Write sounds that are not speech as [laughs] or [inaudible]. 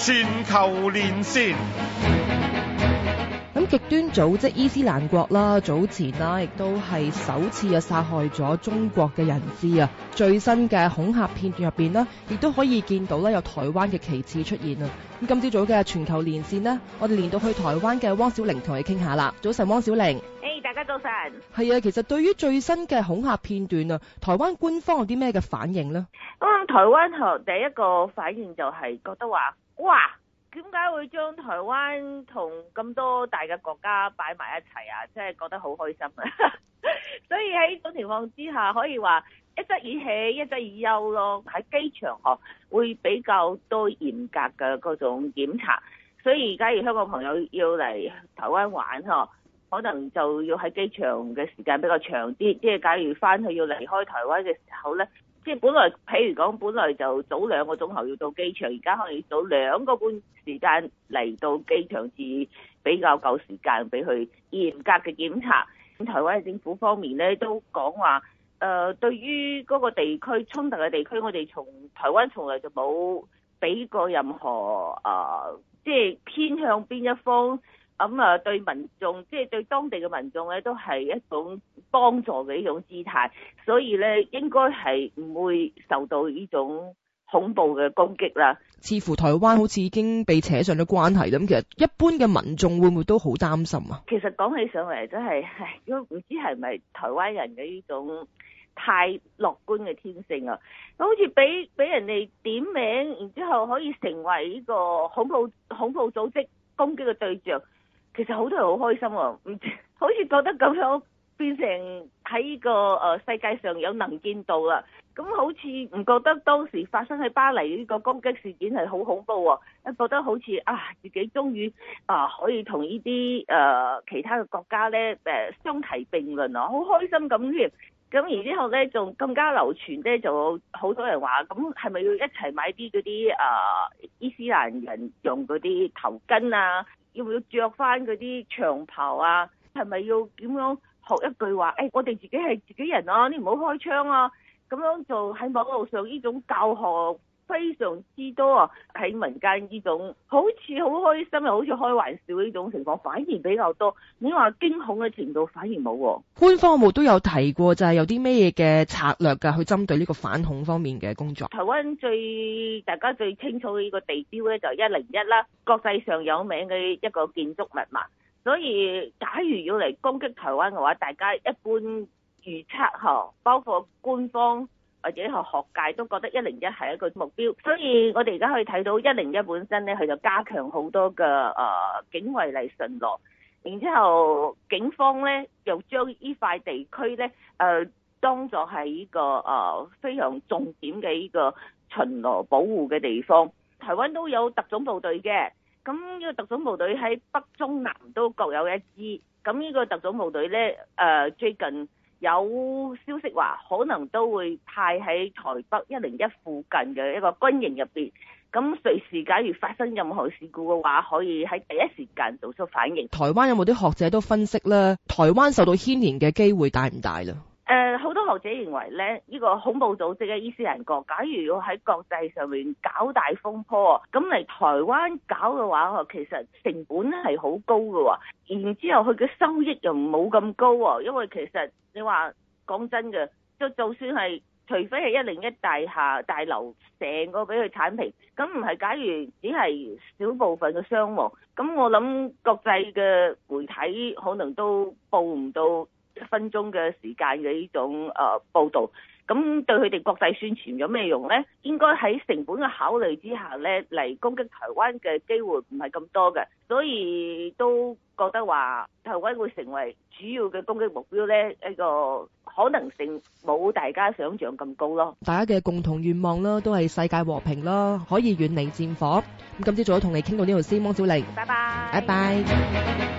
全球連線，咁極端組織伊斯蘭國啦，早前啦亦都係首次啊殺害咗中國嘅人質啊。最新嘅恐嚇片段入邊呢亦都可以見到咧，有台灣嘅旗幟出現啊。咁今朝早嘅全球連線呢，我哋連到去台灣嘅汪小玲同你傾下啦。早晨，汪小玲。誒，hey, 大家早晨。係啊，其實對於最新嘅恐嚇片段啊，台灣官方有啲咩嘅反應呢？咁、嗯、台灣頭第一個反應就係覺得話。哇！點解會將台灣同咁多大嘅國家擺埋一齊啊？真係覺得好開心啊！ [laughs] 所以喺呢種情況之下，可以話一則以喜，一則以憂咯。喺機場呵，會比較多嚴格嘅嗰種檢查。所以，假如香港朋友要嚟台灣玩呵，可能就要喺機場嘅時間比較長啲。即係假如翻去要離開台灣嘅時候呢。即係本來，譬如講，本來就早兩個鐘頭要到機場，而家可能要早兩個半時間嚟到機場，至比較夠時間俾佢嚴格嘅檢查。咁台灣嘅政府方面咧，都講話，誒、呃，對於嗰個地區衝突嘅地區，我哋從台灣從來就冇俾過任何啊，即、呃、係、就是、偏向邊一方。咁啊、嗯，對民眾，即係對當地嘅民眾咧，都係一種幫助嘅一種姿態，所以咧，應該係唔會受到呢種恐怖嘅攻擊啦。似乎台灣好似已經被扯上咗關係咁，其實一般嘅民眾會唔會都好擔心啊？其實講起上嚟真係，唔知係咪台灣人嘅呢種太樂觀嘅天性啊？好似俾俾人哋點名，然之後可以成為呢個恐怖恐怖組織攻擊嘅對象。其實好多人好開心喎、啊，唔好似覺得咁樣變成喺呢個誒世界上有能見度啦。咁好似唔覺得當時發生喺巴黎呢個攻擊事件係好恐怖喎、啊，覺得好似啊自己終於啊可以同呢啲誒其他嘅國家咧誒、啊、相提並論啊，好開心咁樣。咁而之後咧，仲更加流傳咧，就好多人話咁係咪要一齊買啲嗰啲誒伊斯蘭人用嗰啲頭巾啊？要唔要着翻嗰啲長袍啊？係咪要點樣學一句話？誒、哎，我哋自己係自己人咯、啊，你唔好開槍啊！咁樣就喺網絡上呢種教學。非常之多啊！喺民間呢種好似好開心又好似開玩笑呢種情況反而比較多。你話驚恐嘅程度反而冇。官方有冇都有提過就係、是、有啲咩嘢嘅策略噶、啊、去針對呢個反恐方面嘅工作？台灣最大家最清楚嘅呢個地標呢，就一零一啦，國際上有名嘅一個建築物嘛。所以假如要嚟攻擊台灣嘅話，大家一般預測吓，包括官方。或者學學界都覺得一零一係一個目標，所以我哋而家可以睇到一零一本身咧，佢就加強好多嘅誒警衛嚟巡邏，然之後警方咧又將依塊地區咧誒當作係一個誒非常重點嘅一個巡邏保護嘅地方。台灣都有特種部隊嘅，咁呢個特種部隊喺北中南都各有一支，咁呢個特種部隊咧誒最近。有消息話，可能都會派喺台北一零一附近嘅一個軍營入邊。咁隨時假如發生任何事故嘅話，可以喺第一時間做出反應。台灣有冇啲學者都分析咧？台灣受到牽連嘅機會大唔大咧？誒好、呃、多學者認為咧呢、呢個恐怖組織嘅伊斯蘭國，假如要喺國際上面搞大風波咁嚟台灣搞嘅話，其實成本係好高嘅喎，然之後佢嘅收益又冇咁高喎、哦，因為其實你話講真嘅，就算係，除非係一零一大廈大樓成個俾佢鏟平，咁唔係，假如只係少部分嘅傷亡，咁我諗國際嘅媒體可能都報唔到。一分鐘嘅時間嘅呢種誒報道，咁對佢哋國際宣傳有咩用呢？應該喺成本嘅考慮之下呢，嚟攻擊台灣嘅機會唔係咁多嘅，所以都覺得話台灣會成為主要嘅攻擊目標呢，一個可能性冇大家想象咁高咯。大家嘅共同願望啦，都係世界和平啦，可以遠離戰火。咁今朝早同你傾到呢度先，汪小玲，拜拜，拜拜。